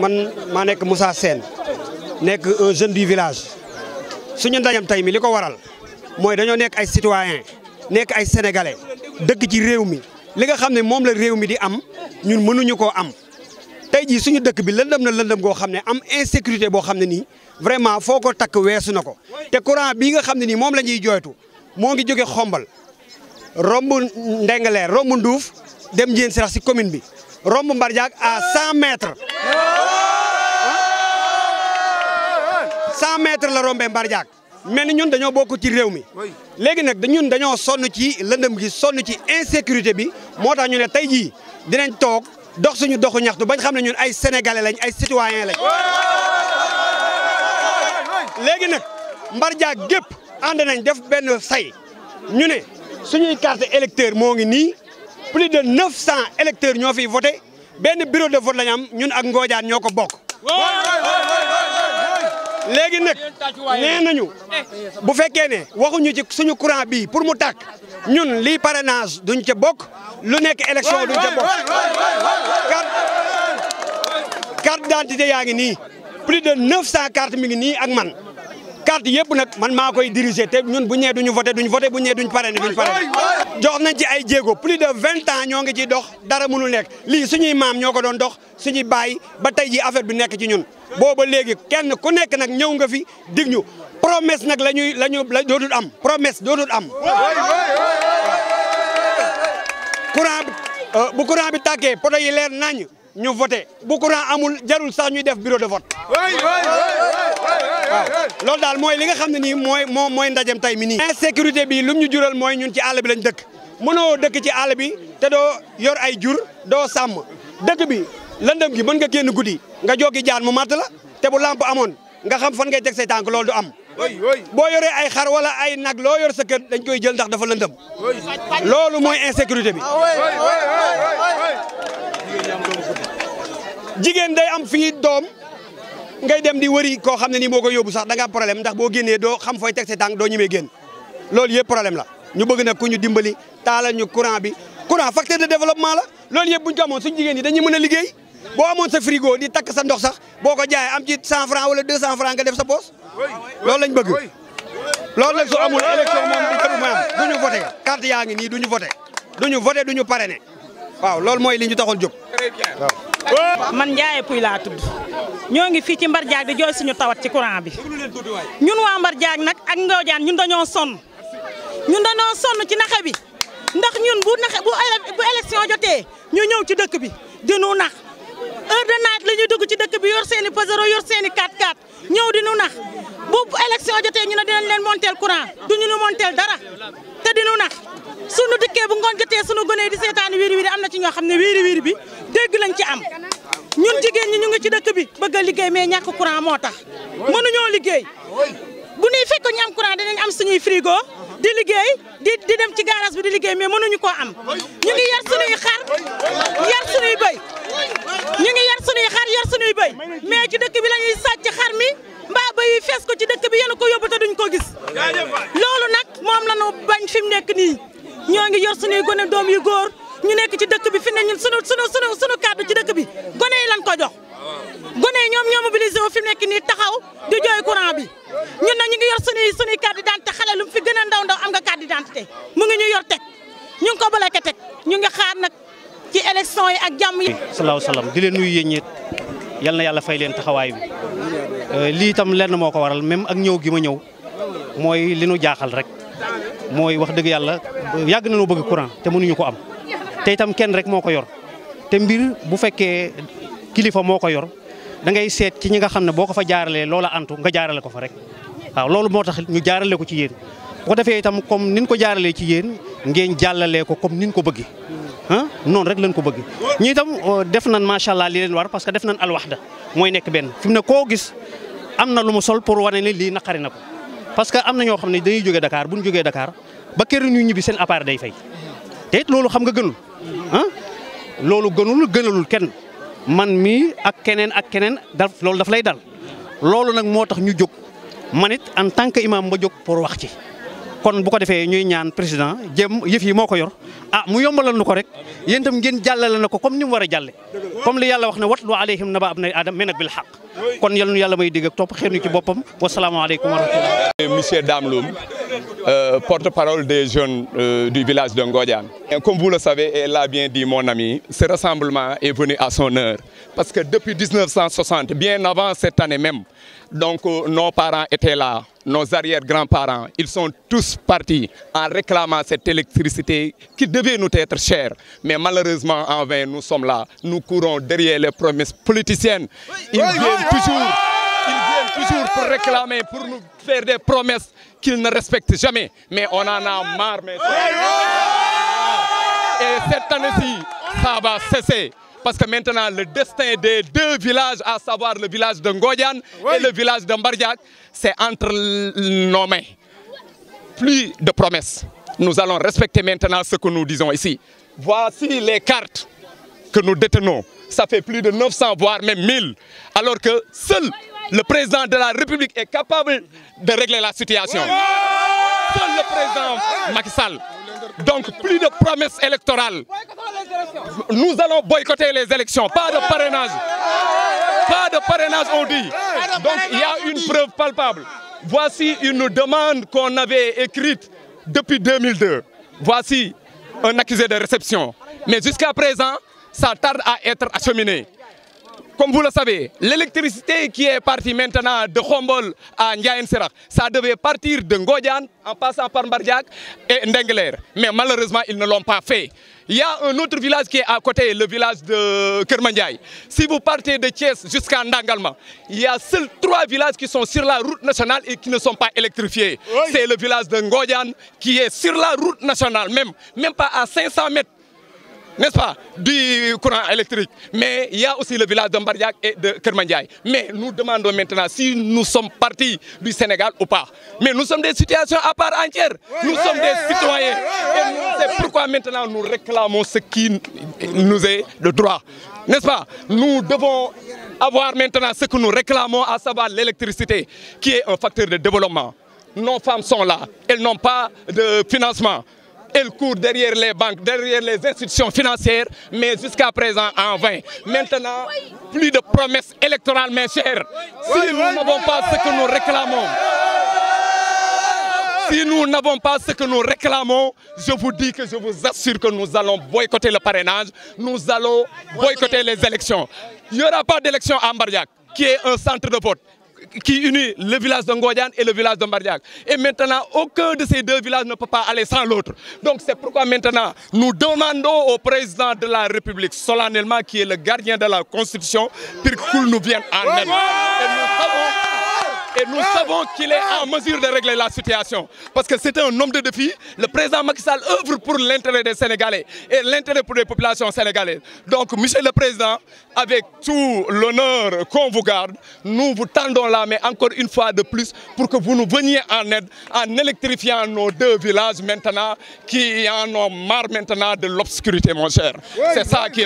man maa nekk Moussa seen nekk jeune du village suñu ndajem tey mi li ko waral mooy dañoo nekk ay citoyen nekk ay sénégalais dëkk ci réew mi li nga xam ne moom la réew mi di am ñun mënuñu koo am tey jii suñu dëkk bi lëndëm na lëndëm goo xam ne am insécurité boo xam ne nii vraiment foo ko takk weesu na ko te courant bii nga xam ne nii moom la ñuy jooytu moo ngi jóge xombal romb Ndengaleer romb Nduuf dem njéen si rax si commune bi romb Mbarjaak à 100 mètres. 100 mètres la rombee Mbarjaak mel ni ñun dañoo bokk ci réew mi léegi nag dañu dañoo sonn ci lëndëm gi sonn ci insécurité bi moo tax ñu ne tey jii dinañ toog dox suñu doxu ñaxtu bañ xam na ñun ay sénégalais lañ ay citoyens lañ. léegi nag Mbarjaak gépp ànd nañ def benn say ñu ne suñuy carte électeur moo ngi nii. plus de 900 électeurs ñoo fiy voté benn bureau de vote la am ñun ak ngoojaan ñoo ko bokk. léegi nag nee nañu bu fekkee ne waxuñu ci suñu courant bii pour mu takk ñun lii parrainage duñ ca bokk lu nekk élection duñ ca bokk carte carte yaa ngi nii plus de 900 cartes mi ngi nii ak man. carte yëpp nag man maa koy diriger te ñun bu ñëwee duñu voté duñu voté bu ñëwee duñu parrainé duñu parrainé jox nañ ci ay jéego plus de vingt ans ñoo ngi ciy dox dara mënul nekk lii suñuy maam ñoo ko doon dox suñuy baay ba tey ji affaire bi nekk ci ñun booba léegi kenn ku nekk nag ñëw nga fi dig ñu promesse nag la ñuy la ñu la dootul am promesse dootul am courant euh, bu courant bi tàkkee poto yi leer nañ ñu voté bu courant amul jarul sax ñuy def bureau de vote waaw loolu daal mooy li nga xam ne nii mooy moo mooy ndajem tey mi nii insécurité bi lu ñu jural mooy ñun ci àll bi lañ dëkk mënoo dëkk ci àll bi te doo yor ay jur doo sàmm dëkk bi lëndëm gi mën nga génn guddi nga joggi jaan mu màtt la te bu lamp amoon nga xam fan ngay teg say tànk loolu du am boo yoree ay xar wala ay nag loo yor sa kër dañ koy jël ndax dafa lëndëm loolu mooy insécurité bi jigéen day am fii doom ngay dem di wëri koo xam ne nii moo koy yóbbu sax da problème ndax boo génnee doo xam fooy teg sa tànk doo ñemee génn loolu yëpp problème la ñu bëgg nag ku ñu dimbali taalal ñu courant bi courant facteur de développement la loolu yëpp bu ñu ko amoon suñu jigéen ñi dañuy mën a liggéey boo amoon sa frigo di takk sa ndox sax boo ko jaayee am ci 100 francs wala 200 francs nga def sa poos loolu lañ bëgg loolu nag su amul élection moom du ko am yaa ngi nii du ñu voté du ñu voté du waaw loolu mooy li ñu taxoon jóg. man Ndiaye Pouy laa ñoo ngi fii ci Mbarjaag di jooy suñu tawat ci courant bi ñun waa Mbarjaag nag ak Ngawjaan ñun dañoo sonn ñun dañoo sonn ci naxe bi ndax ñun bu naxe bu bu élection jotee ñu ñëw ci dëkk bi di nu nax heure de naat la ñuy dugg ci dëkk bi yor seen i pësero yor seen i 4x4 ñëw di nu nax bu élection jotee ñu ne dinañ leen monteel courant duñu nu monteel dara te di nu nax sunu dikkee bu ngoon jotee sunu gone di seetaan wiiri wiiri am na ci ñoo xam ne wiiri wiiri bi ci am ñun jigéen ñi ñu ngi ci dëkk bi bëgg a liggéey mais ñàkk courant moo tax mënuñoo liggéey bu ñuy fekk ñu am courant dinañ am suñuy frigo di liggéey di di dem ci garage bi di liggéey mais mënuñu ko am ñu ngi yar suñuy xar yar suñuy bëy ñu ngi yar suñuy xar yar suñuy bëy mais ci dëkk bi la ñuy xar mi mbaa bëy fees ko ci dëkk bi yéen ko yóbbu te duñ ko gis loolu nag moom la ñu bañ fi mu nekk nii ñoo ngi yor suñuy gone doom yu góor ñu nekk ci dëkk bi fi ne ñun sunu sunu ko jox gone yi ñoom ñoo mobilisé fi mu nii taxaw di jooy courant bi ñun nag ñu ngi yor suñuy suñuy carte d'identité xale lu mu fi gën a ndaw ndaw am nga carte d'identité mu ngi ñu yor teg ñu ngi ko bloqué teg ñu ngi xaar nag ci élection yi ak jàmm yi. salaahu salaam di leen nuyu yéen ñeet yal na yàlla fay leen taxawaay bi euh, lii itam lenn moo ko waral même ak ñëw gi ma ñëw mooy li nu jaaxal rek mooy wax dëgg yàlla yàgg nañoo bëgg courant te mënuñu ko am kenn rek moo kilifa moo ko yor da ngay seet ci ñi nga xam ne boo ko fa jaaralee loola antu nga jaarale ko fa rek waaw loolu moo tax ñu jaarale ko ci yéen bu ko defee itam comme nin ko jaaralee ci yéen ngeen jàllalee ko comme nin ko bëgg ah noonu rek lañ ko bëgg ñi tam euh, def nañ macha allah li leen war parce que def nañ da mooy nekk benn fi mu ne koo gis am na lu mu sol pour wane ne lii naqari na ko parce que am na ñoo xam ne dañuy jógee Dakar bu ñu jógee Dakar ba kër ñu ñibbi seen appareil day fay te it loolu xam nga gënul ah loolu gënul gënalul man mii ak keneen ak keneen daf loolu daf lay dal loolu nag moo tax ñu jóg man it en tant que imam ma jóg pour wax ci kon bu ko defee ñuy ñaan président jëm yëf yi moo ko yor ah mu yombalal nu ko rek yéen itam ngeen jàllale na ko comme ni mu war a jàlle comme li yàlla wax ne watlu alayhim naba ab na adam mais nag bil xaq kon yal yàlla may digg ak topp xeer ci boppam wasalaamaaleykum wa rahmatullah monsieur Dame Loum euh, porte-parole des jeunes euh, du village de Ngodian. comme vous le savez, et l'a bien dit mon ami, ce rassemblement est venu à son heure. Parce que depuis 1960, bien avant cette année même, donc euh, nos parents étaient là, nos arrière-grands-parents, ils sont tous partis en réclamant cette électricité qui devait nous être chère. Mais malheureusement, en vain, nous sommes là. Nous courons derrière les promesses politiciennes. Ils viennent toujours toujours pour réclamer, pour nous faire des promesses qu'ils ne respectent jamais. Mais on a marre, Et cette année-ci, ça va cesser. Parce que maintenant, le destin des deux villages, à savoir le village de Ngoyan et le village de Mbariak, c'est entre nos Plus de promesses. Nous allons respecter maintenant ce que nous disons ici. Voici les cartes que nous détenons. Ça fait plus de 900, voire mille Alors que seul le président de la République est capable de régler la situation. Seul le président Macky Sall. Donc plus de promesses électorales. Nous allons boycotter les élections, pas de parrainage. Pas on dit. il y a une preuve palpable. Voici une demande qu'on avait écrite depuis 2002. Voici un accusé de réception. Mais jusqu'à présent, ça tarde à être acheminé. Comme vous le savez, l'électricité qui est partie maintenant de Khombol à Ndiayen Serak, ça devait partir de Ngodian en passant par Mbardiak et Ndengler. Mais malheureusement, ils ne l'ont pas fait. Il y a un autre village qui est à côté, le village de Kermandiaï. Si vous partez de Thiès jusqu'à Ndangalma, il y a seuls trois villages qui sont sur la route nationale et qui ne sont pas électrifiés. C'est le village de Ngodian qui est sur la route nationale même, n'est-ce pas, du courant électrique. Mais il y a aussi le village de Mbariac et de Kermandiaï. Mais nous demandons maintenant si nous sommes partis du Sénégal ou pas. Mais nous sommes des situations à part entière. Nous sommes des citoyens. c'est pourquoi maintenant nous réclamons ce qui nous est de droit. N'est-ce pas Nous devons avoir maintenant ce que nous réclamons, à savoir l'électricité, qui est un facteur de développement. Nos femmes sont là. Elles financement. Elle court derrière les banques, derrière les institutions financières, mais jusqu'à présent en vain. Maintenant, plus de promesses électorales, mes chers. Si nous n'avons pas ce que nous réclamons, si nous n'avons pas ce que nous réclamons, je vous dis que je vous assure que nous allons boycotter le parrainage, nous allons boycotter les élections. Il n'y aura pas d'élection à Mbariac, qui est un centre de vote. qui unit le village de Ngodiane et le village de Mbardiac. Et aucun de ces deux villages ne peut pas aller sans l'autre. Donc c'est pourquoi nous demandons au président de la République, solennellement, qui est le gardien de la Constitution, pour nous vienne en aide. Et nous savons Et nous savons qu'il est en mesure de régler la situation. Parce que c'est un homme de défi. Le président Macky Sall œuvre pour l'intérêt des Sénégalais et l'intérêt pour les populations sénégalaises. Donc, Monsieur le Président, avec tout l'honneur qu'on vous garde, nous vous tendons la mais encore une fois de plus pour que vous nous veniez en aide en électrifiant nos deux villages maintenant qui en ont marre maintenant de l'obscurité, mon cher. C'est ça qui